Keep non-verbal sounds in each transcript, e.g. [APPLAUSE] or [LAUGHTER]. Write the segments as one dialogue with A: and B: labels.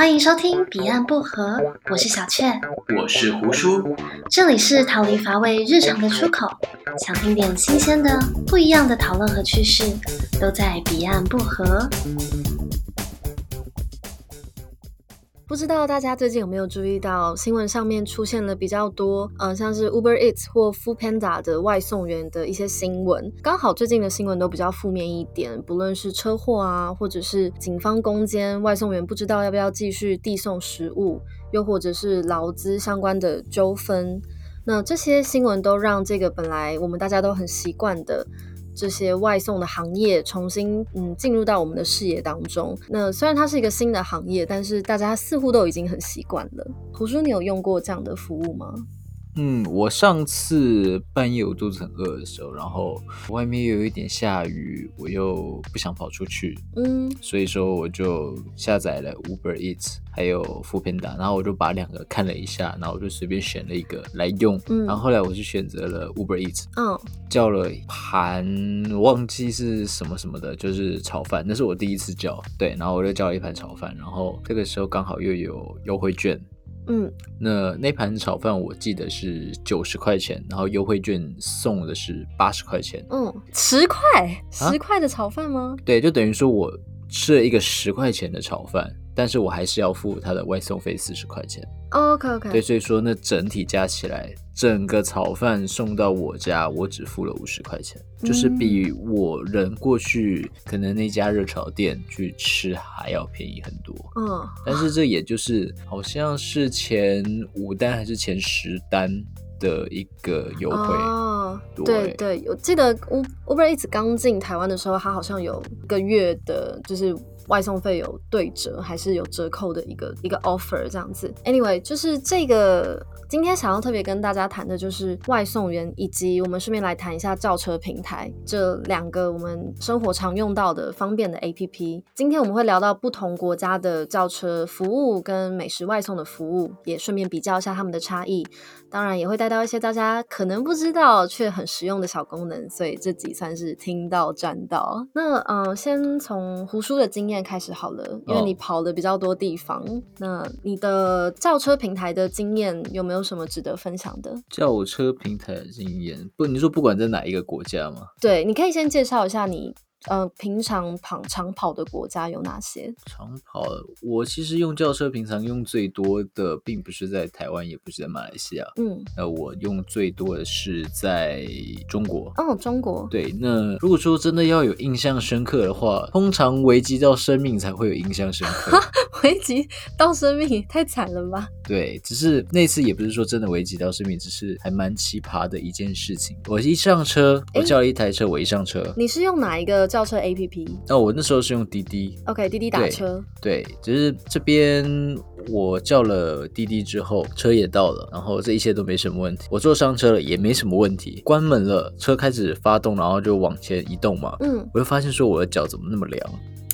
A: 歡迎收聽《彼岸薄荷》，我是小雀，
B: 我是胡叔，
A: 這裡是逃離乏味日常的出口，想聽點新鮮的、不一樣的討論和趣事，都在《彼岸薄荷》。不知道大家最近有沒有注意到新聞上面出現了比較多，嗯、呃，像是 Uber Eats 或 Foodpanda 的外送員的一些新聞。剛好最近的新聞都比較負面一點，不論是車禍啊，或者是警方攻堅外送員，不知道要不要繼續遞送食物，又或者是勞資相關的糾紛。那這些新聞都讓這個本來我們大家都很習慣的。這些外送的行業重新嗯，進入到我們的視野當中。那雖然它是一個新的行業，但是大家似乎都已經很習慣了。圖書，你有用過這樣的服務嗎？
B: 嗯，我上次半夜我肚子很餓的時候，然後外面又有一點下雨，我又不想跑出去，嗯，所以說我就下載了 Uber Eats，還有 Foodpanda，然後我就把兩個看了一下，然後我就隨便選了一個來用，嗯，然後後來我就選擇了 Uber Eats，嗯、哦，叫了一盤忘記是什麼什麼的，就是炒飯，那是我第一次叫，對，然後我就叫了一盤炒飯，然後這個時候剛好又有優惠券。嗯，那那盤炒飯我記得是九十塊錢，然後優惠券送的是八十塊錢。
A: 嗯，十塊十塊的炒飯嗎？
B: 啊？對，就等於說我吃了一個十塊錢的炒飯，但是我還是要付他的外送費四十塊錢。
A: Oh, OK OK。對，
B: 所以說那整體加起來。整個炒飯送到我家，我只付了五十塊錢，嗯、就是比我人過去可能那家熱炒店去吃還要便宜很多。嗯，但是這也就是好像是前五單還是前十單的一個優惠。哦，
A: 對對，對，我記得 Uber Eats 剛進台灣的時候，他好像有個月的，就是外送費有對折還是有折扣的一個一個 offer 這樣子。Anyway，就是這個。今天想要特別跟大家談的就是外送員，以及我們順便來談一下叫車平台這兩個我們生活常用到的方便的 APP。今天我們會聊到不同國家的叫車服務跟美食外送的服務，也順便比較一下他們的差異。當然也會帶到一些大家可能不知道卻很實用的小功能，所以這集算是聽到賺到。那嗯、呃，先從胡叔的經驗開始好了，因為你跑了比較多地方，哦、那你的叫車平台的經驗有沒有什麼值得分享的？
B: 叫車平台的經驗不，你說不管在哪一個國家嗎？
A: 對，你可以先介紹一下你。呃，平常跑常跑的國家有哪些？常
B: 跑，我其實用叫車平常用最多的，並不是在台灣，也不是在馬來西亞。嗯，那我用最多的是在中國。
A: 哦，中國。
B: 對，那如果說真的要有印象深刻的話，通常危及到生命才會有印象深刻。
A: 哈 [LAUGHS] 危及到生命，太慘了吧？
B: 對，只是那次也不是說真的危及到生命，只是還蠻奇葩的一件事情。我一上車，我叫了一台車，誒我一上車，
A: 你是用哪一個？叫車 APP，
B: 那我那時候是用滴滴
A: ，OK，滴滴打車，
B: 對，對，就是這邊我叫了滴滴之後，車也到了，然後這一切都沒什麼問題，我坐上車了也沒什麼問題，關門了，車開始發動，然後就往前移動嘛，嗯，我就發現說我的腳怎麼那麼涼，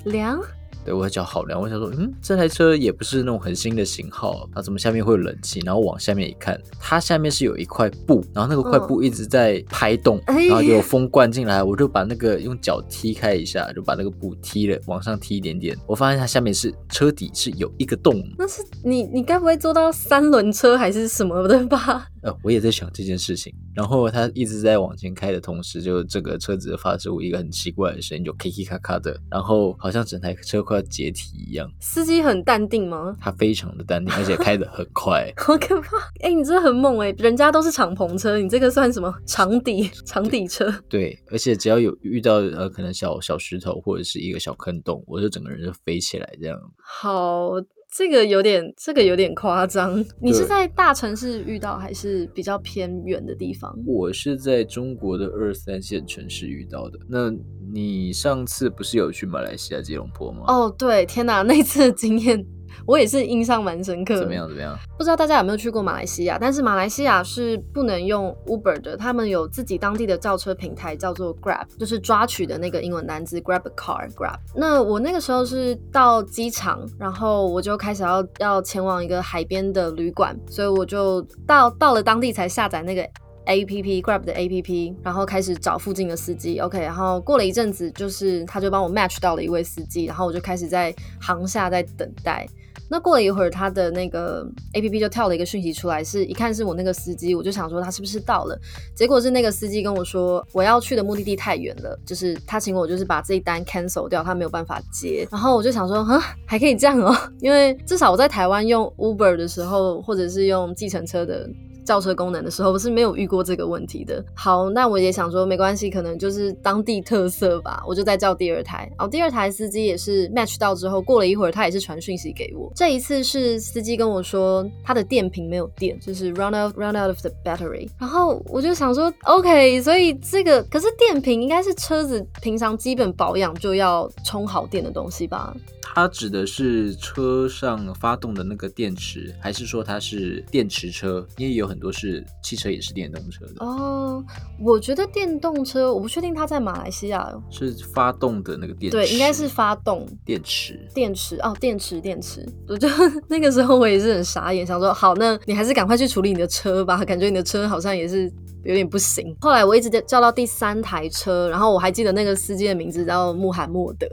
A: 涼？
B: 對，我的腳好涼，我想說，嗯，這台車也不是那種很新的型號，那怎麼下面會有冷氣？然後往下面一看，它下面是有一塊布，然後那個塊布一直在拍動，哦、然後就有風灌進來，我就把那個用腳踢開一下，就把那個布踢了，往上踢一點點，我發現它下面是車底是有一個洞。
A: 那是你，你該不會坐到三輪車還是什麼的吧？
B: 呃，我也在想這件事情。然後它一直在往前開的同時，就這個車子發出一個很奇怪的聲音，就咔咔咔咔的，然後好像整台車快要解體一樣。
A: 司機很淡定嗎？
B: 他非常的淡定，而且開得很快。 [LAUGHS] 好
A: 可怕！哎、欸，你真的很猛哎、欸，人家都是敞篷車，你這個算什麼敞底敞對底車？
B: 對，而且只要有遇到呃，可能小小石頭或者是一個小坑洞，我就整個人就飛起來這樣。
A: 好。這個有點，這個有點誇張。對你是在大城市遇到，還是比較偏遠的地方？
B: 我是在中國的二三線城市遇到的。那你上次不是有去馬來西亞吉隆坡嗎？
A: 哦，oh, 對，天哪，那次的經驗。我也是印象蠻深刻。怎麼，怎麼樣？怎麼樣？不知道大家有沒有去過馬來西亞，但是馬來西亞是不能用 Uber 的，他們有自己當地的叫車平台，叫做 Grab，就是抓取的那個英文單詞 Grab a Car Grab。那我那個時候是到機場，然後我就開始要要前往一個海邊的旅館，所以我就到到了當地才下載那個 APP Grab 的 APP，然後開始找附近的司機。OK，然後過了一陣子，就是他就幫我 match 到了一位司機，然後我就開始在航廈在等待。那過了一會兒，他的那個 APP 就跳了一個訊息出來，是一看是我那個司機，我就想說他是不是到了？結果是那個司機跟我說，我要去的目的地太遠了，就是他請我就是把這一單 cancel 掉，他沒有辦法接。然後我就想說，哼，還可以這樣哦、喔，因為至少我在台灣用 Uber 的時候，或者是用計程車的。叫車功能的時候，我是沒有遇過這個問題的。好，那我也想說沒關係，可能就是當地特色吧。我就再叫第二台，然後第二台司機也是 match 到之後，過了一會兒，他也是傳訊息給我。這一次是司機跟我說，他的電瓶沒有電，就是 run out run out of the battery。然後我就想說 OK，所以這個可是電瓶應該是車子平常基本保養就要充好電的東西吧。
B: 它指的是車上發動的那個電池，還是說它是電池車？因為有很多是汽車也是電動車
A: 的哦。我覺得電動車，我不確定它在馬來西亞
B: 是發動的那個電，對，應該
A: 是發動電池，電池哦，電池電池。我就那個時候我也是很傻眼，想說好，那你還是趕快去處理你的車吧，感覺你的車好像也是有點不行。後來我一直叫叫到第三台車，然後我還記得那個司機的名字叫穆罕默德。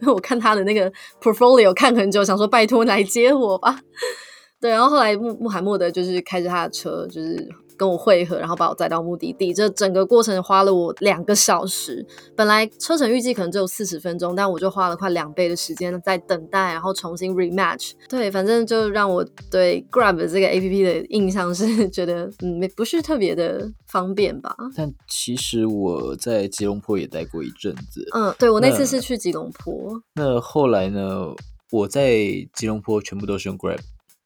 A: 因為 [LAUGHS] 我看他的那個 portfolio 看很久，想說拜託來接我吧。 [LAUGHS] 對，然後後來穆穆罕默德就是開着他的車，就是。跟我會合，然後把我載到目的地。這整個過程花了我兩個小時，本來車程預計可能只有四十分鐘，但我就花了快兩倍的時間在等待，然後重新 rematch。對，反正就讓我對 Grab 這個 APP 的印象是覺得，嗯，沒不是特別的方便吧。
B: 但其實我在吉隆坡也待過一陣子。嗯，對，我那次是
A: 去吉隆坡那。
B: 那後來呢？我在吉隆坡全部都是用 Grab。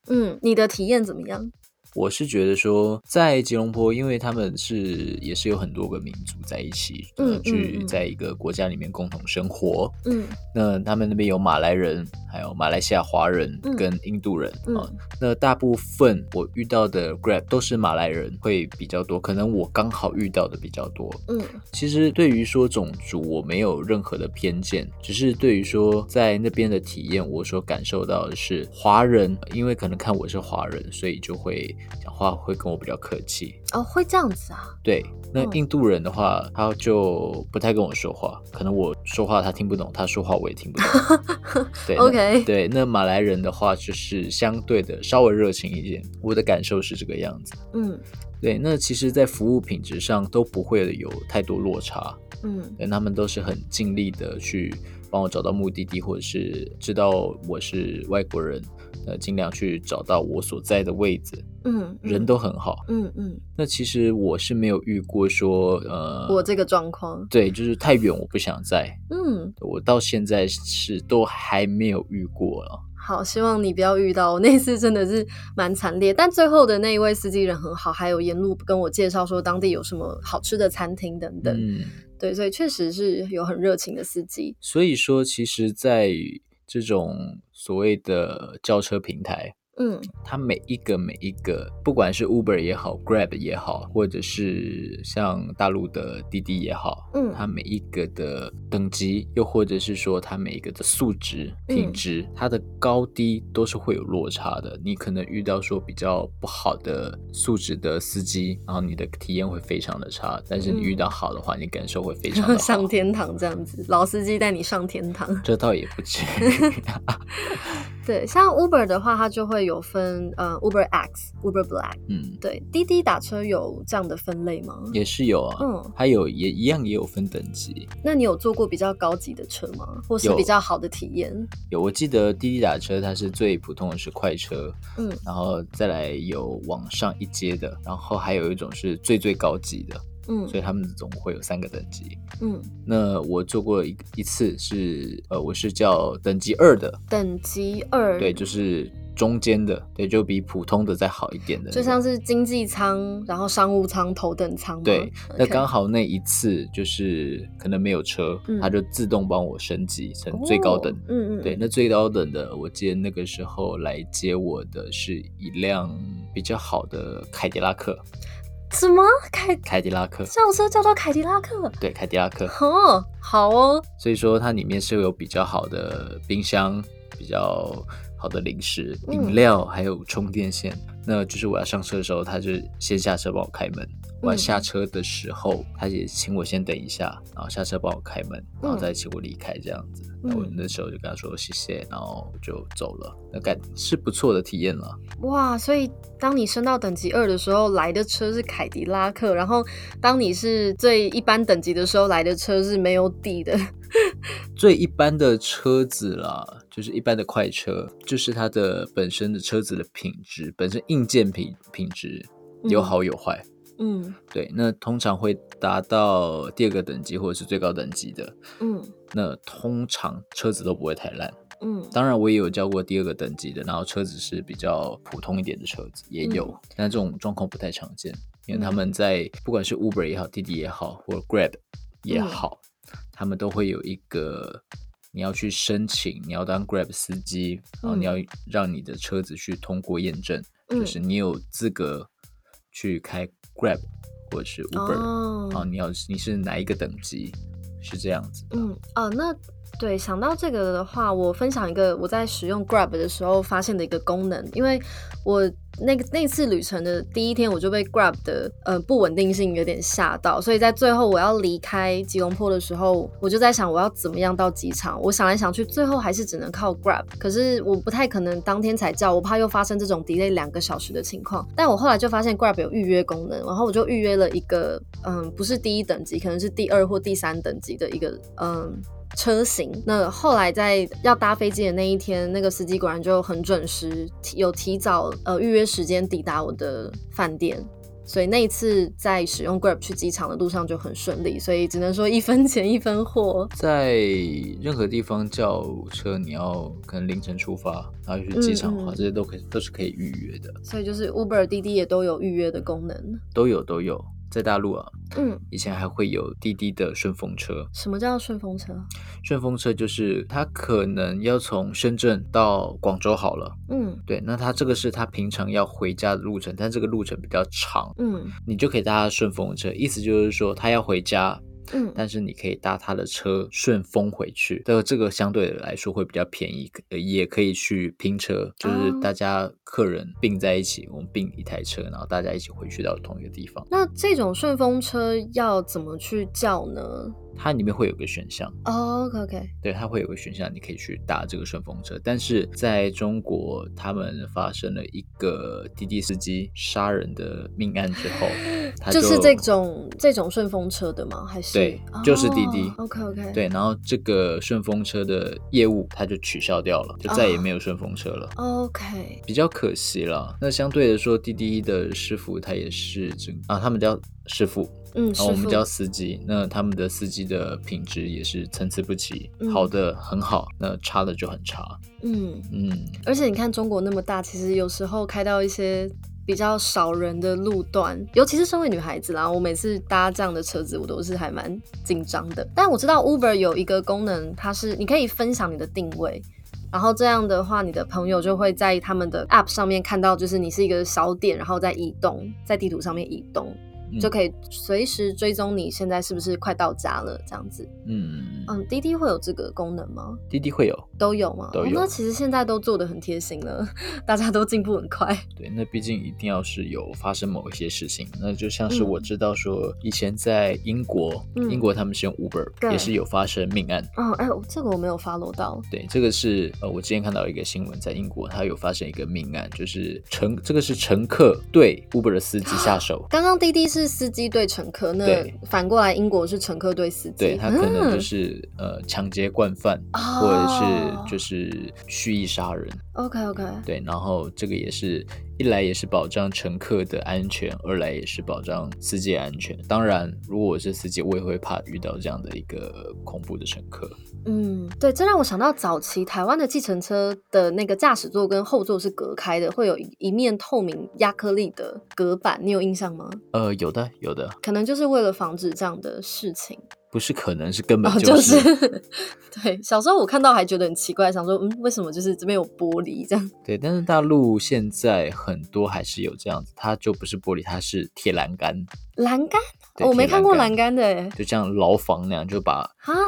A: 嗯，你的體驗怎麼樣？
B: 我是覺得說，在吉隆坡，因為他們是也是有很多個民族在一起，嗯，去、嗯、在一個國家裡面共同生活，嗯，那他們那邊有馬來人，還有馬來西亞華人跟印度人，嗯、啊，那大部分我遇到的 Grab 都是馬來人會比較多，可能我剛好遇到的比較多，嗯，其實對於說種族，我沒有任何的偏見，只是對於說在那邊的體驗，我所感受到的是，華人，因為可能看我是華人，所以就會。講話會跟我比較客氣
A: 哦，會這樣子啊？
B: 對，那印度人的話，嗯、他就不太跟我說話，可能我說話他聽不懂，他說話我也聽不懂。 [LAUGHS] 對，OK，對，那馬來人的話就是相對的稍微熱情一點，我的感受是這個樣子。嗯，對，那其實，在服務品質上都不會有太多落差。嗯，但他們都是很盡力的去幫我找到目的地，或者是知道我是外國人。呃，儘量去找到我所在的位置。嗯，嗯，人都很好。嗯嗯。嗯，那其實我是沒有遇過說，呃，我
A: 這個狀況。
B: 對，就是太遠，我不想在。嗯，我到現在是都還沒有遇過了。
A: 好，希望你不要遇到。我那次真的是蠻慘烈，但最後的那一位司機人很好，還有沿路跟我介紹說當地有什麼好吃的餐廳等等。嗯，對，所以確實是有很熱情的司機。
B: 所以說，其實，在。這種所謂的叫車平台。嗯，他每一個每一個，不管是 Uber 也好，Grab 也好，或者是像大陸的滴滴也好，嗯，他每一個的等級，又或者是說他每一個的素質、品質，它、嗯、的高低都是會有落差的。你可能遇到說比較不好的素質的司機，然後你的體驗會非常的差；但是你遇到好的話，你感受會非常好上、
A: 嗯、天堂這樣子，老司機帶你上天堂，這
B: 倒也不至於。
A: [LAUGHS] [LAUGHS] 對，像 Uber 的話，他就會有。有分呃、嗯，Uber X、Uber Black，嗯，對，滴滴打車有這樣的分類嗎？也
B: 是有啊，嗯，還有也一樣也有分等級。
A: 那你有坐過比較高級的車嗎？或是比較好的體驗？
B: 有，我記得滴滴打車，它是最普通的是快車，嗯，然後再來有往上一階的，然後還有一種是最最高級的，嗯，所以他們總會有三個等級，嗯，那我坐過一一次是呃，我是叫等級二的，
A: 等級二，對，
B: 就是。中間的，對，就比普通的再好一點的，就
A: 像是經濟艙，然後商務艙，頭等艙。對，Okay. 那剛好
B: 那一次就是可能沒有車，嗯、他就自動幫我升級成最高等的。Oh, 對嗯嗯。對，那最高等的，我記得那個時候來接我的是一輛比較好的凱迪拉克。什麼凱凱迪拉克？這
A: 車叫到凱迪拉克？
B: 對，凱迪拉克。
A: 哦，oh, 好哦。
B: 所以說它裡面是有比較好的冰箱，比較。好的零食、飲料還有充電線，嗯、那就是我要上車的時候，他就先下車幫我開門；我要、嗯、下車的時候，他也請我先等一下，然後下車幫我開門，然後再請我離開這樣子。嗯、我那時候就跟他說謝謝，然後就走了。嗯、那感是不錯的體驗了。哇，
A: 所以當你升到等級二的時候，來的車是凱迪拉克；然後當你是最一般等級的時候，來的車是沒有底的。
B: [LAUGHS] 最一般的車子啦，就是一般的快車，就是它的本身的車子的品質，本身硬件品品質有好有壞。嗯，對，那通常會達到第二個等級或者是最高等級的。嗯，那通常車子都不會太爛。嗯，當然我也有叫過第二個等級的，然後車子是比較普通一點的車子也有，嗯、但這種狀況不太常見，因為他們在、嗯、不管是 Uber 也好，滴滴也好，或者 Grab 也好。嗯他們都會有一個，你要去申請，你要當 Grab 司機，然後你要讓你的車子去通過驗證，嗯、就是你有資格去開 Grab 或者是 Uber，哦、然後你要你是哪一個等級，是這樣子
A: 的。的、嗯。哦，那。對，想到這個的話，我分享一個我在使用 Grab 的時候發現的一個功能。因為我那個那次旅程的第一天，我就被 Grab 的呃，嗯，不穩定性有點嚇到，所以在最後我要離開吉隆坡的時候，我就在想我要怎麼樣到機場。我想來想去，最後還是只能靠 Grab。可是我不太可能當天才叫，我怕又發生這種 delay 兩個小時的情況。但我後來就發現 Grab 有預約功能，然後我就預約了一個，嗯，不是第一等級，可能是第二或第三等級的一個，嗯。車型，那後來在要搭飛機的那一天，那個司機果然就很準時，有提早呃預約時間抵達我的飯店，所以那一次在使用 Grab 去機場的路上就很順利，所以只能說一分錢一分貨。
B: 在任何地方叫車，你要可能凌晨出發，然後去機場的話，嗯，這些都可以都是可以預約的。
A: 所以就是 Uber、滴滴也都有預約的功能，
B: 都有都有。在大陸啊，嗯，以前還會有滴滴的順風車。
A: 什麼叫順風車？
B: 順風車就是他可能要從深圳到廣州好了，嗯，對，那他這個是他平常要回家的路程，但這個路程比較長，嗯，你就可以搭順風車。意思就是說他要回家。嗯，但是你可以搭他的車順風回去，這個這個相對來說會比較便宜，也可以去拼車，就是大家客人併在一起，我們併一台車，然後大家一起回去到同一個地方。
A: 那這種順風車要怎麼去叫呢？
B: 它裡面會有個選項。
A: Oh, OK OK，
B: 對，它會有個選項，你可以去打這個順風車。但是在中國，他們發生了一個滴滴司機殺人的命案之後，他就，就是這
A: 種這種順風車的嗎？還是對，就是滴滴。Oh, OK OK，對。
B: 然後這個順風車的業務，它就取消掉了，就再也沒有順風車了。Oh, OK，比較可惜了。那相對來說，滴滴的師傅他也是這個，啊，他們都要。師傅，嗯，然後我們叫司機，師傅，那他們的司機的品質也是參差不齊，嗯、好的很好，那差的就很差，
A: 嗯嗯，嗯而且你看中國那麼大，其實有時候開到一些比較少人的路段，尤其是身為女孩子啦，我每次搭這樣的車子，我都是還蠻緊張的。但我知道 Uber 有一個功能，它是你可以分享你的定位，然後這樣的話，你的朋友就會在他們的 App 上面看到，就是你是一個小點，然後在移動，在地圖上面移動。嗯、就可以隨時追蹤你現在是不是快到家了，這樣子。嗯嗯，滴滴會有這個功能嗎？
B: 滴滴會有，都有嗎？對有、哦。那其
A: 實現在都做的很貼心了，大家都進步很快。
B: 對，那畢竟一定要是有發生某一些事情，那就像是我知道說，以前在英國，嗯、英國他們是用 Uber，、嗯、也是有發生命案。哦
A: ，oh, 哎呦，這個我沒有 follow 到。
B: 對，這個是呃，我之前看到一個新聞，在英國他有發生一個命案，就是乘這個是乘客對 Uber 的司機下手。
A: 剛剛滴滴是。是司機對乘客，那反過來英國是乘客對司機，對他可能就是、
B: 嗯、呃搶劫慣犯，oh. 或者是就是蓄意殺人。OK OK，對，然後這個也是。一來也是保障乘客的安全，二來也是保障司機安全。當然，如果我是司機，我也會怕遇到這樣的一個恐怖的乘客。
A: 嗯，對，這讓我想到早期台灣的計程車的那個駕駛座跟後座是隔開的，會有一面透明壓克力的隔板，你有印象嗎？
B: 呃，有的，有的，
A: 可能就是為了防止這樣的事情。
B: 不是可能，是根本、就是哦、就是。
A: 對，小時候我看到還覺得很奇怪，想說嗯，為什麼就是這邊有玻璃這樣？
B: 對，但是大陸現在很多還是有這樣子，它就不是玻璃，它是鐵欄杆。
A: 欄杆？我沒看過欄杆的，
B: 就像牢房那樣，就把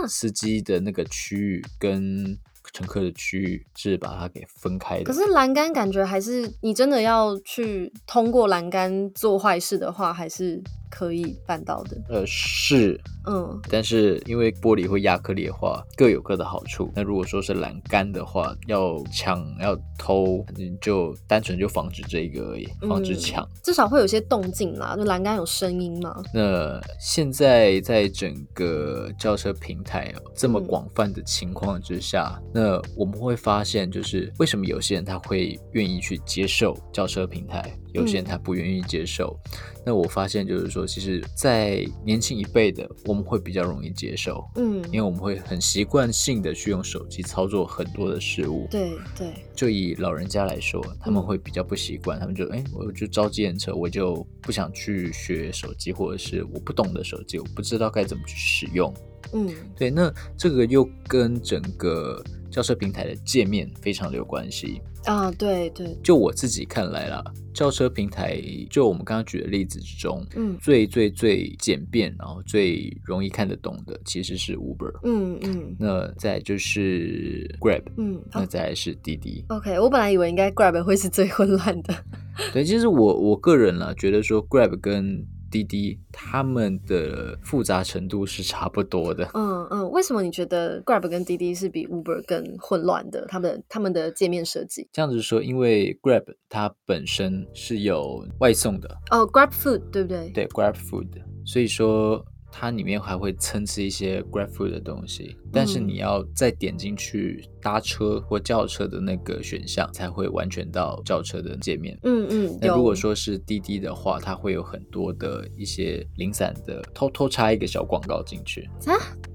B: 司機的那個區域跟哈。跟乘客的區域是把它給分開的。可是
A: 欄杆感覺還是，你真的要去通過欄杆做壞事的話，還是可以辦到的。
B: 呃，是，嗯。但是因為玻璃或壓克力的話，各有各的好處。那如果說是欄杆的話，要搶要偷，就單純就防止這一個而已，防止搶、嗯。
A: 至少會有些動靜啦，就欄杆有聲音嘛。
B: 那現在在整個叫車平台、哦、這麼廣泛的情況之下，嗯、那。那我們會發現，就是為什麼有些人他會願意去接受叫車平台，有些人他不願意接受。嗯、那我發現就是說，其實，在年輕一輩的，我們會比較容易接受，嗯，因為我們會很習慣性的去用手機操作很多的事物。對對。對，就以老人家來說，他們會比較不習慣，嗯、他們就哎，我就招計程車，我就不想去學手機，或者是我不懂的手機，我不知道該怎麼去使用。嗯，對。那這個又跟整個叫車平台的界面非常的有關係
A: 啊、oh,，對對，
B: 就我自己看來啦，叫車平台就我們剛剛舉的例子之中，嗯，最最最簡便，然後最容易看得懂的其實是 Uber，嗯嗯，嗯那再就是 Grab，嗯，oh. 那再是滴滴。
A: OK，我本來以為應該 Grab 會是最混亂的，
B: [LAUGHS] 對，其實我我個人啦覺得說 Grab 跟滴滴他們的複雜程度是差不多的，
A: 嗯嗯，為什麼你覺得 Grab 跟滴滴是比 Uber 更混亂的？他們他們的界面設計，
B: 這樣子說，因為 Grab 它本身是有外送的。
A: 哦，Grab Food 對不對？
B: 對，Grab Food。所以說。它裡面還會參差一些 GrabFood 的東西，但是你要再點進去搭車或叫車的那個選項，才會完全到叫車的界面。
A: 嗯嗯。嗯，那如果
B: 說是滴滴的話，它會有很多的一些零散的，偷偷插一個小廣告進去。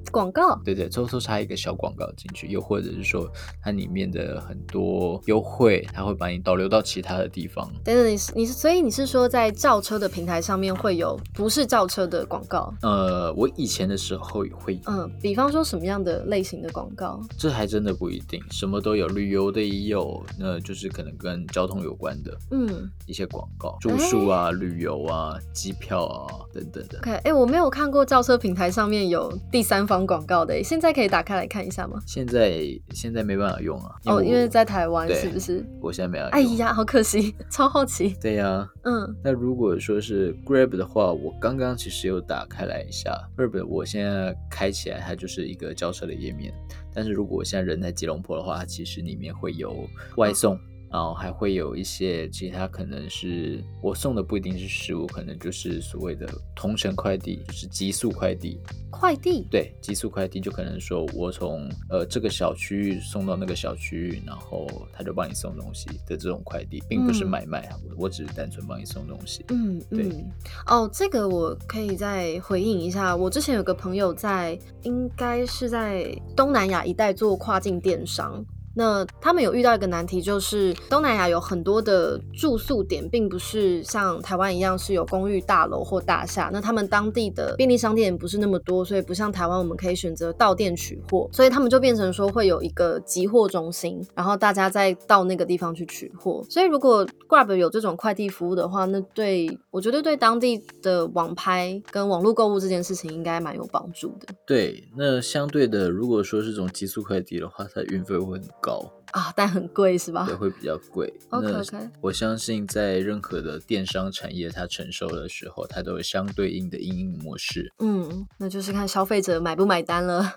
B: 廣告，對對，抽抽插一個小廣告進去，又或者是說它裡面的很多優惠，它會把你導流到其他的地方。
A: 等等，你是，你是所以你是說在造車的平台上面會有不是造車的廣告？
B: 呃，我以前的時候也會有，
A: 嗯，比方說什麼樣的類型的廣告？
B: 這還真的不一定，什麼都有，旅遊的也有，那就是可能跟交通有關的，
A: 嗯，
B: 一些廣告，嗯、住宿啊、欸、旅遊啊、機票啊等等的。
A: OK，哎、欸，我沒有看過造車平台上面有第三方廣告的，現在可以打開來看一下嗎？
B: 現在現在沒辦法用啊。哦，因為在台灣對是不是？我現在沒辦法用。
A: 哎呀，好可惜，超
B: 好奇。對呀，嗯。那如果說是 Grab 的話，我剛剛其實有打開來一下 Grab，、嗯、我現在開起來它就是一個叫車的頁面。但是如果我現在人在吉隆坡的話，其實裡面會有外送、嗯。然後還會有一些其他，可能是我送的不一定是食物，可能就是所謂的同城快遞，就是極速快遞。快遞？對，極速快遞就可能說我從呃這個小區域送到那個小區域，然後他就幫你送東西的這種快遞，並不是買賣我、嗯、我只是單純幫你送東西。嗯，
A: 對嗯。哦，這個我可以再回應一下，我之前有個朋友在，應該是在東南亞一帶做跨境電商。那他們有遇到一個難題，就是東南亞有很多的住宿點，並不是像台灣一樣是有公寓大樓或大廈。那他們當地的便利商店不是那麼多，所以不像台灣我們可以選擇到店取貨。所以他們就變成說會有一個集貨中心，然後大家再到那個地方去取貨。所以如果 Grab 有這種快遞服務的話，那對我覺得對當地的網拍跟網絡購物這件事情應該蠻有幫助的。
B: 對，那相對的，如果說是這種極速快遞的話，它運費會很高。
A: 啊，但很貴是吧？也
B: 會比較貴。OK, okay. 我相信在任何的電商產業，它成熟的時候，它都有相對應的應用模式。
A: 嗯，那就是看消費者買不買單了。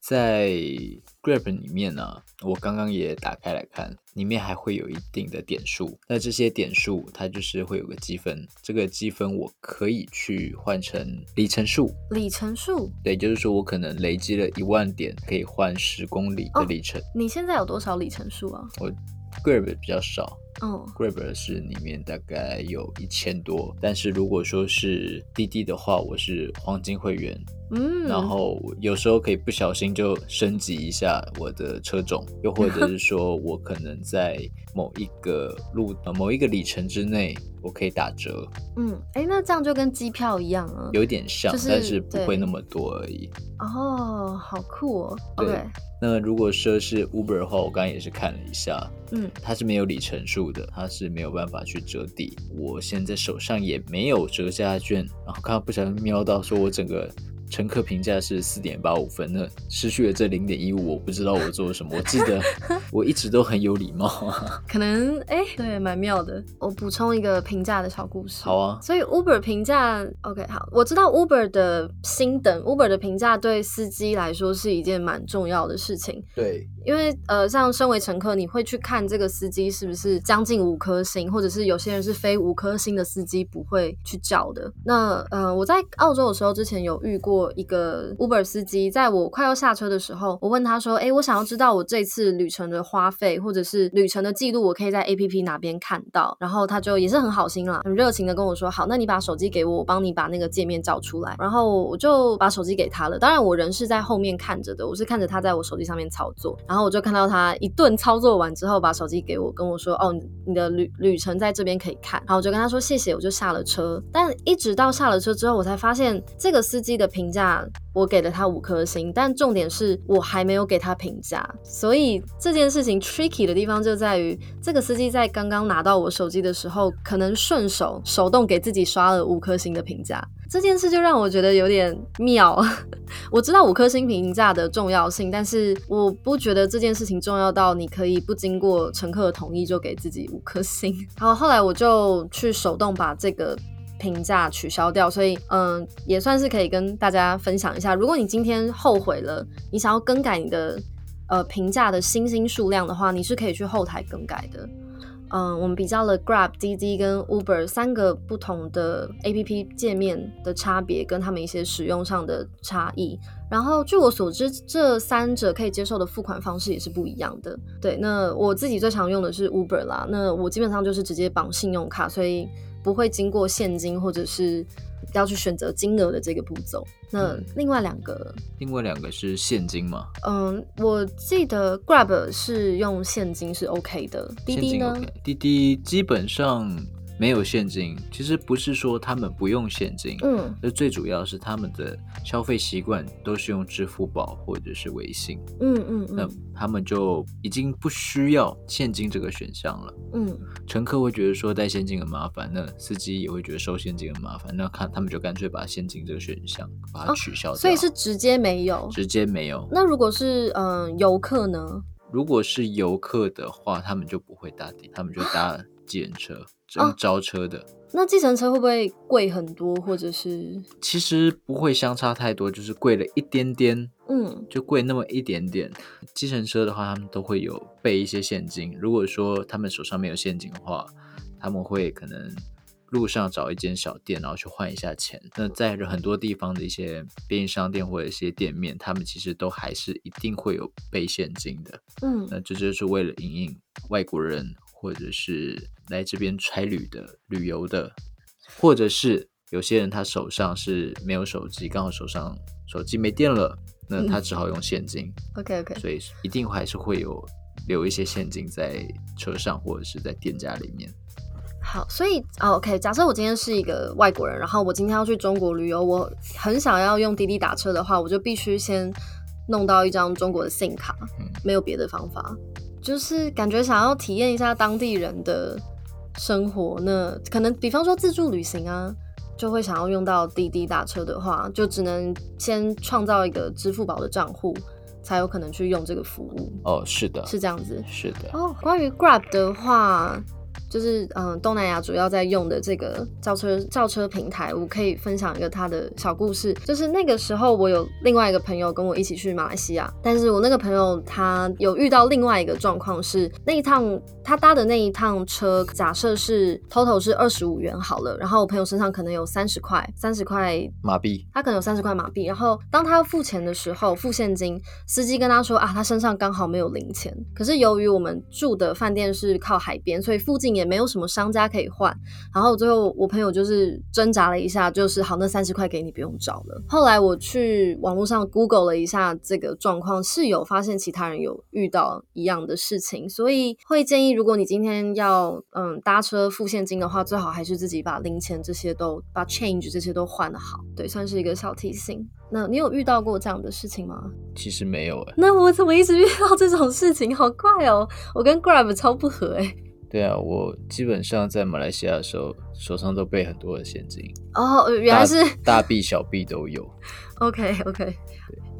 B: 在。Grab 裡面呢、啊，我剛剛也打開來看，裡面還會有一定的點數。那這些點數，它就是會有個積分，這個積分我可以去換成里程數。
A: 里程數，
B: 對，就是說我可能累積了一萬點，可以換十公里的里程。
A: 哦，你現在有多少里程數啊？
B: 我 Grab 比較少，哦 Grab 是裡面大概有一千多，但是如果說是滴滴的話，我是黃金會員，嗯，然後有時候可以不小心就升級一下我的車種，又或者是說我可能在某一個路、 [LAUGHS] 呃、某一個里程之內我可以打折，
A: 嗯，哎、欸，那這樣就跟機票一樣
B: 啊，有點像，就是、但是不會那麼多而已。
A: Oh, 哦，好酷，對。
B: 那如果說是 Uber 的話，我剛剛也是看了一下，嗯，它是沒有里程數的，它是沒有辦法去折抵。我現在手上也沒有折價券，然後剛剛不小心瞄到，說我整個乘客評價是四點八五分，那失去了這零點一五，我不知道我做了什麼。我記得 [LAUGHS] 我一直都很有禮貌，
A: 可能哎、欸，對，蠻妙的。我補充一個評價的小故事。好啊。所以 Uber 評價 OK 好，我知道 Uber 的星等，Uber 的評價對司機來說是一件蠻重要的事情。
B: 對，
A: 因為呃，像身為乘客，你會去看這個司機是不是將近五顆星，或者是有些人是非五顆星的司機不會去叫的。那呃，我在澳洲的時候之前有遇過。我一個 Uber 司機，在我快要下車的時候，我問他說：“哎、欸，我想要知道我這次旅程的花費，或者是旅程的記錄，我可以在 APP 哪邊看到？”然後他就也是很好心了，很熱情的跟我說：“好，那你把手機給我，我幫你把那個界面找出來。”然後我就把手機給他了。當然，我人是在後面看着的，我是看着他在我手機上面操作。然後我就看到他一頓操作完之後，把手機給我，跟我說：“哦，你的旅旅程在這邊可以看。”然後我就跟他說：“謝謝。”我就下了車。但一直到下了車之後，我才發現這個司機的平。評價我給了他五顆星，但重點是我還沒有給他評價，所以這件事情 tricky 的地方就在於，這個司機在剛剛拿到我手機的時候，可能順手手動給自己刷了五顆星的評價，這件事就讓我覺得有點妙。 [LAUGHS] 我知道五顆星評價的重要性，但是我不覺得這件事情重要到你可以不經過乘客的同意就給自己五顆星。然後後來我就去手動把這個。評價取消掉，所以嗯，也算是可以跟大家分享一下。如果你今天後悔了，你想要更改你的呃評價的星星數量的話，你是可以去後台更改的。嗯，我們比較了 Grab、滴滴跟 Uber 三個不同的 APP 界面的差別，跟他們一些使用上的差異。然後據我所知，這三者可以接受的付款方式也是不一樣的。對，那我自己最常用的是 Uber 啦，那我基本上就是直接綁信用卡，所以。不會經過現金，或者是要去選擇金額的這個步驟。嗯，那另外兩個，
B: 另外兩個是現金嗎？嗯，
A: 我記得 Grab 是用現金是 OK 的。滴滴呢？
B: 滴滴基本上。沒有現金，其實不是說他們不用現金，嗯，那最主要是他們的消費習慣都是用支付寶或者是微信，嗯嗯，嗯，那他們就已經不需要現金這個選項了，嗯，乘客會覺得說帶現金很麻煩，那司機也會覺得收現金很麻煩，那看他們就乾脆把現金這個選項把它取消掉，哦，所以
A: 是直接沒有，
B: 直接沒有。
A: 那如果是嗯、呃、遊客呢？
B: 如果是遊客的話，他們就不會搭的，他們就搭計程車。 [LAUGHS] 招車的、
A: 啊、那計程車會不會貴很多，或者是？
B: 其實不會相差太多，就是貴了一點點，嗯，就貴那麼一點點。計程車的話，他們都會有備一些現金。如果說他們手上沒有現金的話，他們會可能路上找一間小店，然後去換一下錢。那在很多地方的一些便利商店或者一些店面，他們其實都還是一定會有備現金的，嗯，那這就是為了因應外國人。或者是來這邊差旅的、旅遊的，或者是有些人他手上是沒有手機，剛好手上手機沒電了，那他只好用現金。
A: 嗯、OK OK，所
B: 以一定還是會有留一些現金在車上或者是在店家裡面。
A: 好，所以 OK，假設我今天是一個外國人，然後我今天要去中國旅遊，我很想要用滴滴打車的話，我就必須先弄到一張中國的 SIM 卡，沒有別的方法。嗯就是感覺想要體驗一下當地人的生活呢，那可能比方說自助旅行啊，就會想要用到滴滴打車的話，就只能先創造一個支付寶的賬戶，才有可能去用這個服務。
B: 哦，oh, 是的，是這樣子，是的。
A: 哦，oh, 關於 Grab 的話。就是嗯，東南亞主要在用的這個叫車、叫車平台，我可以分享一個他的小故事。就是那個時候，我有另外一個朋友跟我一起去馬來西亞，但是我那個朋友他有遇到另外一個狀況，是那一趟他搭的那一趟車假，假設是 total 是二十五元好了，然後我朋友身上可能有三十塊，三十塊馬幣，馬幣，他可能有三十塊馬幣，然後當他要付錢的時候，付現金，司機跟他說啊，他身上剛好沒有零錢，可是由於我們住的飯店是靠海邊，所以附近也沒有什麼商家可以換，然後最後我朋友就是掙扎了一下，就是好，那三十塊給你不用找了。後來我去網絡上 Google 了一下這個狀況，是有發現其他人有遇到一樣的事情，所以會建議如果你今天要嗯搭車付現金的話，最好還是自己把零錢這些都把 change 這些都換了好，對，算是一個小提醒。那你有遇到過這樣的事情嗎？
B: 其實沒有誒，
A: 那我怎麼一直遇到這種事情？好怪哦，我跟 Grab 超不合誒、欸。
B: 對啊，我基本上在馬來西亞的時候，手上都備很多的現金。
A: 哦，oh, 原來是
B: 大，大幣小幣都有。
A: OK OK，對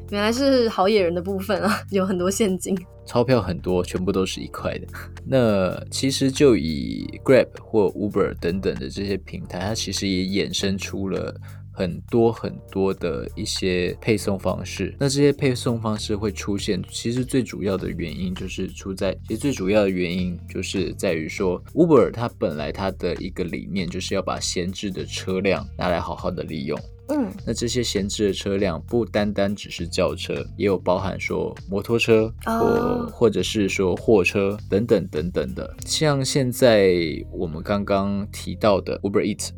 A: 原來是好野人的部分啊，有很多現金，
B: 鈔票很多，全部都是一塊的。那其實就以 Grab 或 Uber 等等的這些平台，它其實也衍生出了。很多很多的一些配送方式，那這些配送方式會出現，其實最主要的原因就是出在，其實最主要的原因就是在於說，Uber 它本來它的一個理念就是要把閒置的車輛拿來好好的利用。嗯，那這些閒置的車輛不單單只是轎車，也有包含說摩托車，或者是說貨車等等等等的。像現在我們剛剛提到的 Uber Eat。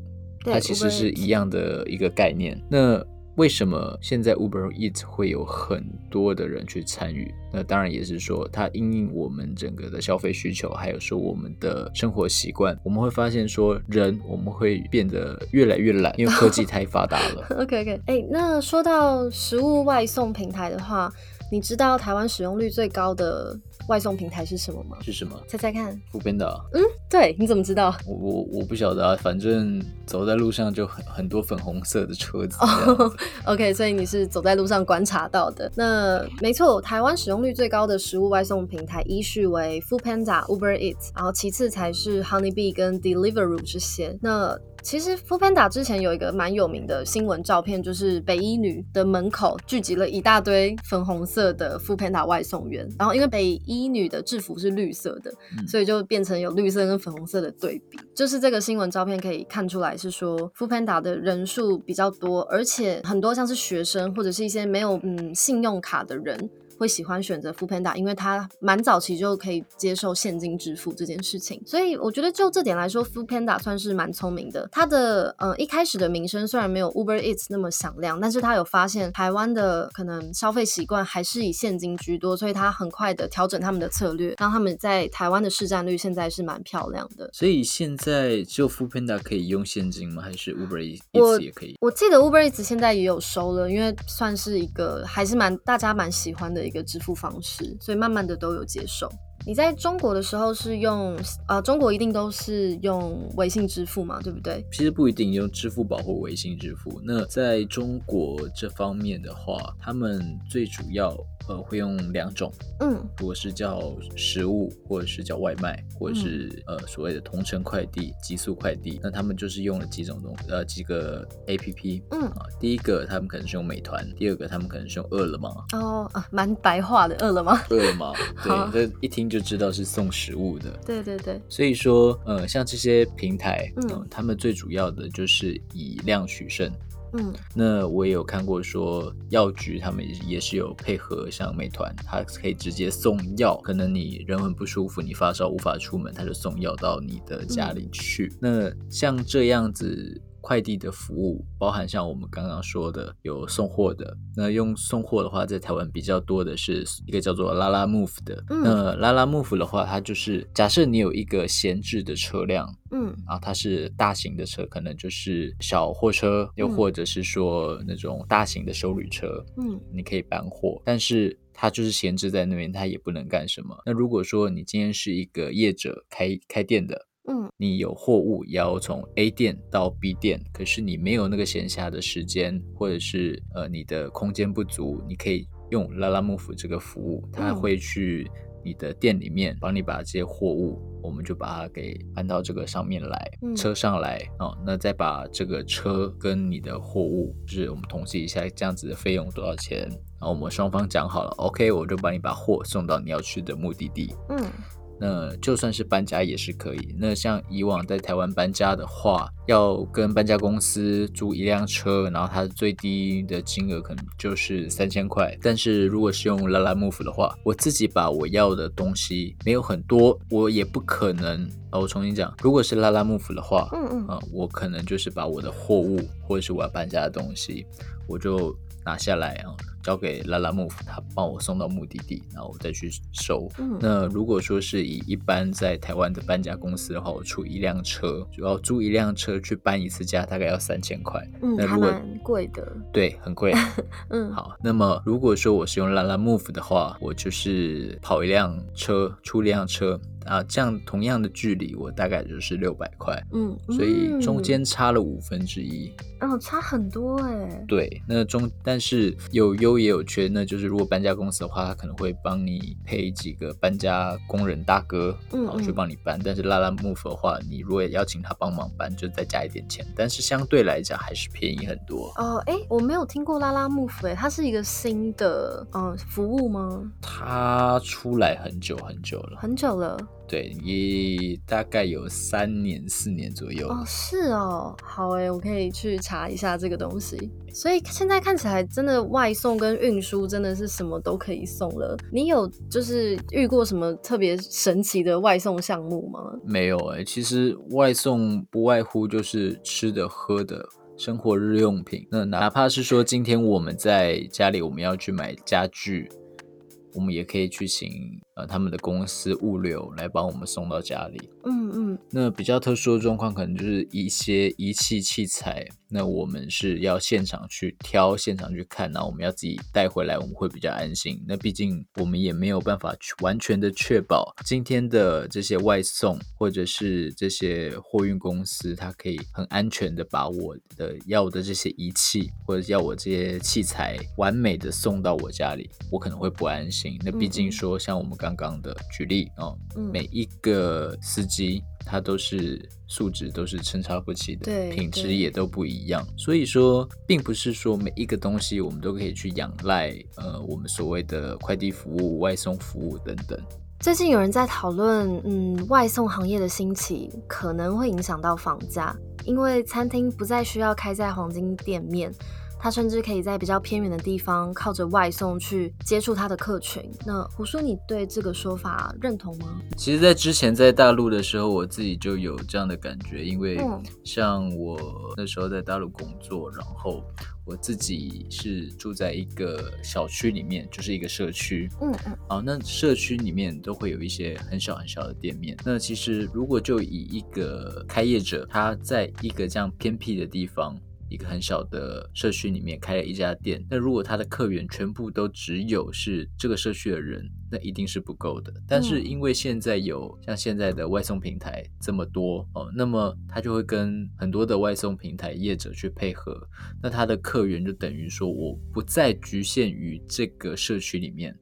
B: 對它其實是一樣的一個概念。那為什麼現在 Uber Eats 會有很多的人去參與？那當然也是說它因應我們整個的消費需求，還有說我們的生活習慣。我們會發現說人我們會變得越來越懶，因為科技太發達了。
A: [LAUGHS] OK OK，哎、欸，那說到食物外送平台的話，你知道台灣使用率最高的外送平台是什麼嗎？是什麼？猜猜看。Foodpanda。嗯，對，你怎麼知道？
B: 我我我不曉得啊，反正走在路上就很很多粉紅色的車子這
A: 樣子。Oh, OK，所以你是走在路上觀察到的。那對沒錯，台灣使用率最高的食物外送平台依序為 Foodpanda, Uber Eats，然後其次才是 Honey Bee 跟 Deliveroo 這些。那其實，Foodpanda 之前有一個蠻有名的新聞照片，就是北一女的門口聚集了一大堆粉紅色的 Foodpanda 外送員，然後因為北一女的制服是綠色的，所以就變成有綠色跟粉紅色的對比。就是這個新聞照片可以看出來，是說 Foodpanda 的人數比較多，而且很多像是學生或者是一些沒有嗯信用卡的人。會喜歡選擇 Foodpanda，因為他蠻早期就可以接受現金支付這件事情，所以我覺得就這點來說，Foodpanda 算是蠻聰明的。他的呃一開始的名聲雖然沒有 Uber Eats 那麼響亮，但是他有發現台灣的可能消費習慣還是以現金居多，所以他很快的調整他們的策略，讓他們在台灣的市占率現在是蠻漂亮的。
B: 所以現在只有 Foodpanda 可以用現金嗎？還是 Uber Eats 也可以？我，我
A: 記得 Uber Eats 現在也有收了，因為算是一個還是蠻大家蠻喜歡的一個。一個支付方式，所以慢慢的都有接受。你在中國的時候是用啊，中國一定都是用微信支付嘛，對不對？
B: 其實不一定用支付寶或微信支付。那在中國這方面的話，他們最主要，呃，會用兩種，嗯，如果是叫食物，或者是叫外賣，或者是、嗯、呃所謂的同城快遞、極速快遞，那他們就是用了幾種東，呃幾個 APP，嗯啊、呃，第一個他們可能是用美團，第二個他們可能是用餓了
A: 麼。哦蠻白話的，餓了麼？
B: 餓了麼，對，這好一聽就知道是送食物的。對對對。所以說，呃像這些平台，嗯、呃，他們最主要的就是以量取勝。嗯，那我也有看過，說藥局他們也是有配合，像美團，它可以直接送藥，可能你人很不舒服，你發燒無法出門，他就送藥到你的家裡去。嗯，那像這樣子。快遞的服務包含像我們剛剛說的有送貨的，那用送貨的話，在台灣比較多的是一個叫做拉拉木 e 的。嗯、那拉拉木 e 的話，它就是假設你有一個閒置的車輛，嗯，啊，它是大型的車，可能就是小貨車，又或者是說那種大型的收履車，嗯，你可以搬貨，但是它就是閒置在那邊，它也不能幹什麼。那如果說你今天是一個業者開開店的，嗯，你有貨物也要從 A 店到 B 店，可是你沒有那個閒暇的時間，或者是呃你的空間不足，你可以用 Lalamove 這個服務，他會去你的店裡面幫你把這些貨物，我們就把它給搬到這個上面來，車上來。哦，那再把這個車跟你的貨物，就是我們統計一下這樣子的費用多少錢，然後我們雙方講好了，OK，我就幫你把貨送到你要去的目的地。嗯。那就算是搬家也是可以。那像以往在台灣搬家的話，要跟搬家公司租一輛車，然後它最低的金額可能就是三千塊。但是如果是用 Lalamove 的話，我自己把我要的東西沒有很多，我也不可能、啊、我重新講，如果是 Lalamove 的話，嗯、啊、嗯，我可能就是把我的貨物或者是我要搬家的東西，我就拿下來啊。交給 Lalamove，他幫我送到目的地，然後我再去收。嗯、那如果說是以一般在台灣的搬家公司的話，我出一輛車，就要租一輛車去搬一次家，大概要三千塊。嗯，那如果蠻貴的，對，很貴。嗯，好。那麼如果說我是用 Lalamove 的話，我就是跑一輛車，出一輛車啊，這樣同樣的距離，我大概就是六百塊。嗯，
A: 所以中間
B: 差了五分之一。
A: 嗯、哦，差很多哎、欸。
B: 對，那中但是又又。都也有缺，那就是如果搬家公司的話，他可能會幫你配幾個搬家工人大哥，然後去幫你搬。嗯嗯、但是拉拉木 e 的話，你如果也邀請他幫忙搬，就再加一點錢。但是相對來講還是便宜很多。哦、呃、
A: 誒、欸，我沒有聽過拉拉木 e 哎，它是一個新的嗯、呃、服務嗎？
B: 它出來很久很久了，
A: 很久了。
B: 對，也大概有三年四年左右。哦，
A: 是哦，好誒，我可以去查一下這個東西。所以現在看起來，真的外送跟運輸真的是什麼都可以送了。你有就是遇過什麼特別神奇的外送項目嗎？
B: 沒有誒。其實外送不外乎就是吃的、喝的、生活日用品。那哪怕是說今天我們在家裡，我們要去買家具，我們也可以去請。他們的公司物流來幫我們送到家裡。嗯嗯。嗯，那比較特殊的狀況，可能就是一些儀器器材，那我們是要現場去挑，現場去看，那我們要自己帶回來，我們會比較安心。那畢竟我們也沒有辦法完全的確保今天的這些外送或者是這些貨運公司，它可以很安全的把我的要的這些儀器或者要我這些器材完美的送到我家裡，我可能會不安心。那畢竟說，像我們剛。剛剛的舉例哦，嗯，每一個司機他都是素質都是參差不齊的，對品質也都不一樣。對所以說，並不是說每一個東西我們都可以去仰賴，呃，我們所謂的快遞服務、外送服務等等。
A: 最近有人在討論，嗯，外送行業的興起可能會影響到房價，因為餐廳不再需要開在黃金店面。他甚至可以在比較偏遠的地方，靠着外送去接觸他的客群。那胡叔，你對這個說法認同嗎？
B: 其實，在之前在大陸的時候，我自己就有這樣的感覺，因為像我那時候在大陸工作，然後我自己是住在一個小區裡面，就是一個社區。嗯。嗯嗯。好，那社區裡面都會有一些很小很小的店面。那其實，如果就以一個開業者，他在一個這樣偏僻的地方。一個很小的社區裡面開了一家店，那如果他的客源全部都只有是這個社區的人，那一定是不夠的。但是因為現在有像現在的外送平台這麼多哦，那麼他就會跟很多的外送平台業者去配合，那他的客源就等於說，我不再局限於這個社區裡面，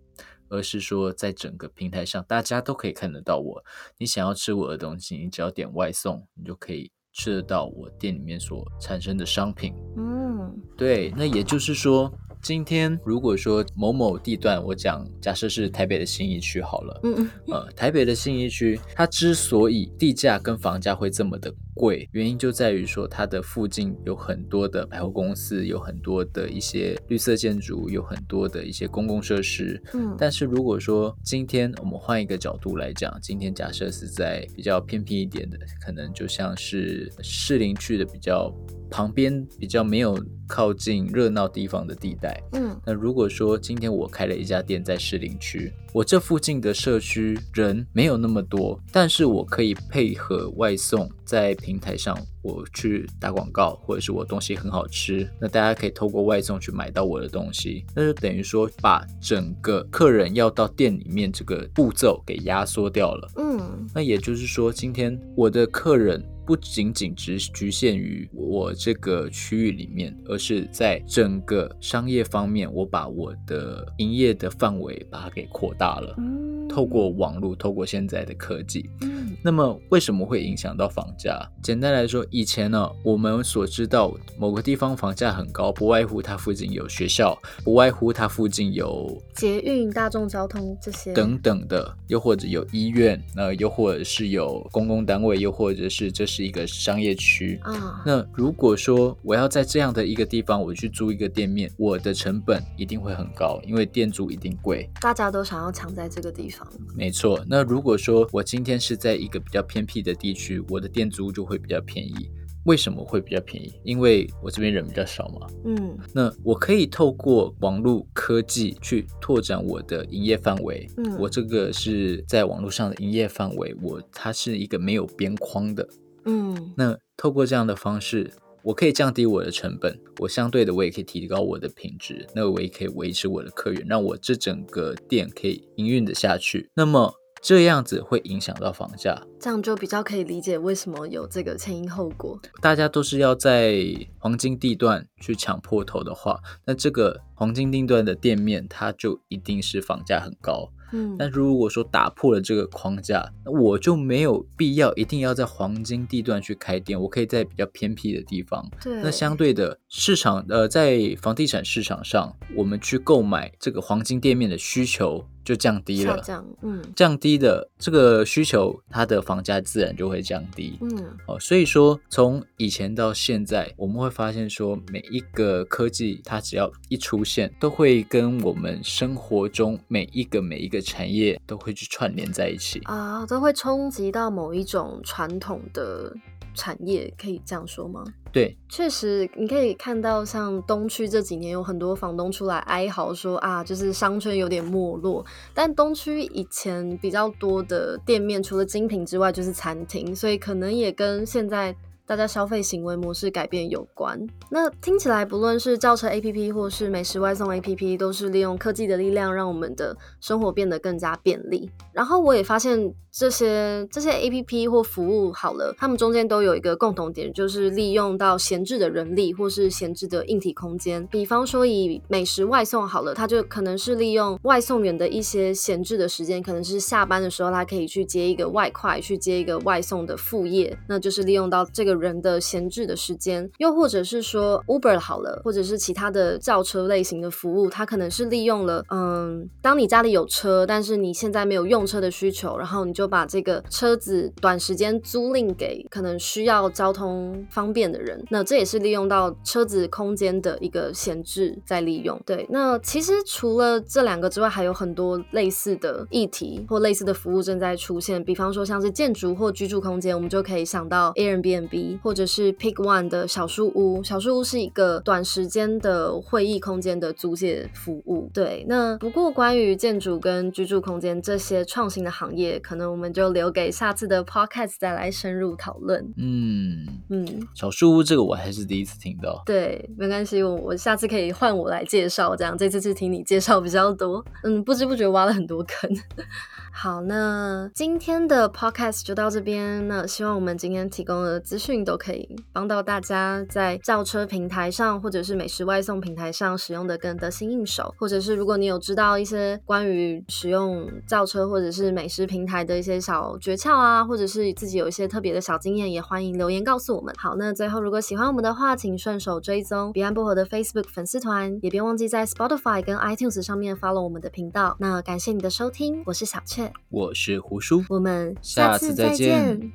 B: 而是說在整個平台上大家都可以看得到我，你想要吃我的東西，你只要點外送，你就可以。吃得到我店裡面所產生的商品，嗯，對，那也就是說，今天如果說某某地段，我講假設是台北的信義區好了，嗯嗯，呃，台北的信義區，它之所以地價跟房價會這麼的貴原因就在於說，它的附近有很多的百貨公司，有很多的一些綠色建築，有很多的一些公共設施。嗯，但是如果說今天我們換一個角度來講，今天假設是在比較偏僻一點的，可能就像是士林區的比較旁邊比較沒有靠近熱鬧地方的地帶。嗯，那如果說今天我開了一家店在士林區。我這附近的社區人沒有那麼多，但是我可以配合外送，在平台上我去打廣告，或者是我東西很好吃，那大家可以透過外送去買到我的東西，那就等於說把整個客人要到店裡面這個步驟給壓縮掉了。嗯，那也就是說，今天我的客人。不僅僅只局限於我這個區域裡面，而是在整個商業方面，我把我的營業的範圍把它給擴大了。嗯，透過網絡，透過現在的科技。嗯，那麼為什麼會影響到房價？簡單來說，以前呢、啊，我們所知道某個地方房價很高，不外乎它附近有學校，不外乎它附近有
A: 捷運、大眾交通這些等
B: 等的，又或者有醫院，那、呃，又或者是有公共單位，又或者是這是是一個商業區啊。哦。那如果說我要在這樣的一個地方，我去租一個店面，我的成本一定會很高，因為店租一定貴。
A: 大家都想要搶在這個地方。
B: 沒錯。那如果說我今天是在一個比較偏僻的地區，我的店租就會比較便宜。為什麼會比較便宜？因為我這邊人比較少嘛。嗯。那我可以透過網絡科技去拓展我的營業範圍。嗯。我這個是在網絡上的營業範圍，我它是一個沒有邊框的。嗯，那透過這樣的方式，我可以降低我的成本，我相對的我也可以提高我的品質，那我也可以維持我的客源，讓我這整個店可以營運的下去。那麼這樣子會影響到房價。
A: 這樣就比較可以理解為什麼有這個前因後果，
B: 大家都是要在黃金地段去搶破頭的話，那這個黃金地段的店面，它就一定是房價很高。嗯，但如果說打破了這個框架，那我就沒有必要一定要在黃金地段去開店，我可以在比較偏僻的地方。對，那相對的市場，呃，在房地產市場上，我們去購買這個黃金店面的需求就降低了，
A: 降、嗯，
B: 降低的這個需求，它的。房價自然就會降低，嗯，哦，所以說從以前到現在，我們會發現說，每一個科技它只要一出現，都會跟我們生活中每一個每一個產業都會去串聯在一起
A: 啊，都會衝擊到某一種傳統的。產業可以這樣說嗎？對，確實你可以看到，像東區這幾年有很多房東出來哀嚎說啊，就是商圈有點沒落。但東區以前比較多的店面，除了精品之外就是餐廳，所以可能也跟現在。大家消費行為模式改變有關。那聽起來，不論是叫車 APP 或是美食外送 APP，都是利用科技的力量，讓我們的生活變得更加便利。然後我也發現這些這些 APP 或服務好了，它們中間都有一個共同點，就是利用到閒置的人力或是閒置的硬體空間。比方說以美食外送好了，它就可能是利用外送員的一些閒置的時間，可能是下班的時候，它可以去接一個外快，去接一個外送的副業，那就是利用到這個。人的閒置的時間，又或者是說 Uber 好了，或者是其他的轎車類型的服務，它可能是利用了，嗯，當你家裡有車，但是你現在沒有用車的需求，然後你就把這個車子短時間租賃給可能需要交通方便的人，那這也是利用到車子空間的一個閒置再利用。對，那其實除了這兩個之外，還有很多類似的議題或類似的服務正在出現，比方說像是建築或居住空間，我們就可以想到 Airbnb。或者是 Pick One 的小樹屋，小樹屋是一個短時間的會議空間的租借服務。對，那不過關於建築跟居住空間這些創新的行業，可能我們就留給下次的 Podcast 再來深入討論。嗯嗯，嗯，
B: 小樹屋這個我還是第一次聽到。
A: 對，沒關係，我我下次可以換我來介紹，這樣，這次是聽你介紹比較多。嗯，不知不覺挖了很多坑。好，那今天的 podcast 就到這邊。那希望我們今天提供的資訊都可以幫到大家在叫車平台上或者是美食外送平台上使用的更得心應手。或者是如果你有知道一些關於使用叫車或者是美食平台的一些小訣竅啊，或者是自己有一些特別的小經驗，也歡迎留言告訴我們。好，那最後如果喜歡我們的話，請順手追蹤彼岸薄荷的 Facebook 粉絲團，也別忘記在 Spotify 跟 iTunes 上面 follow 我們的頻道。那感謝你的收聽，我是小倩。
B: 我是胡叔，我們下次再見。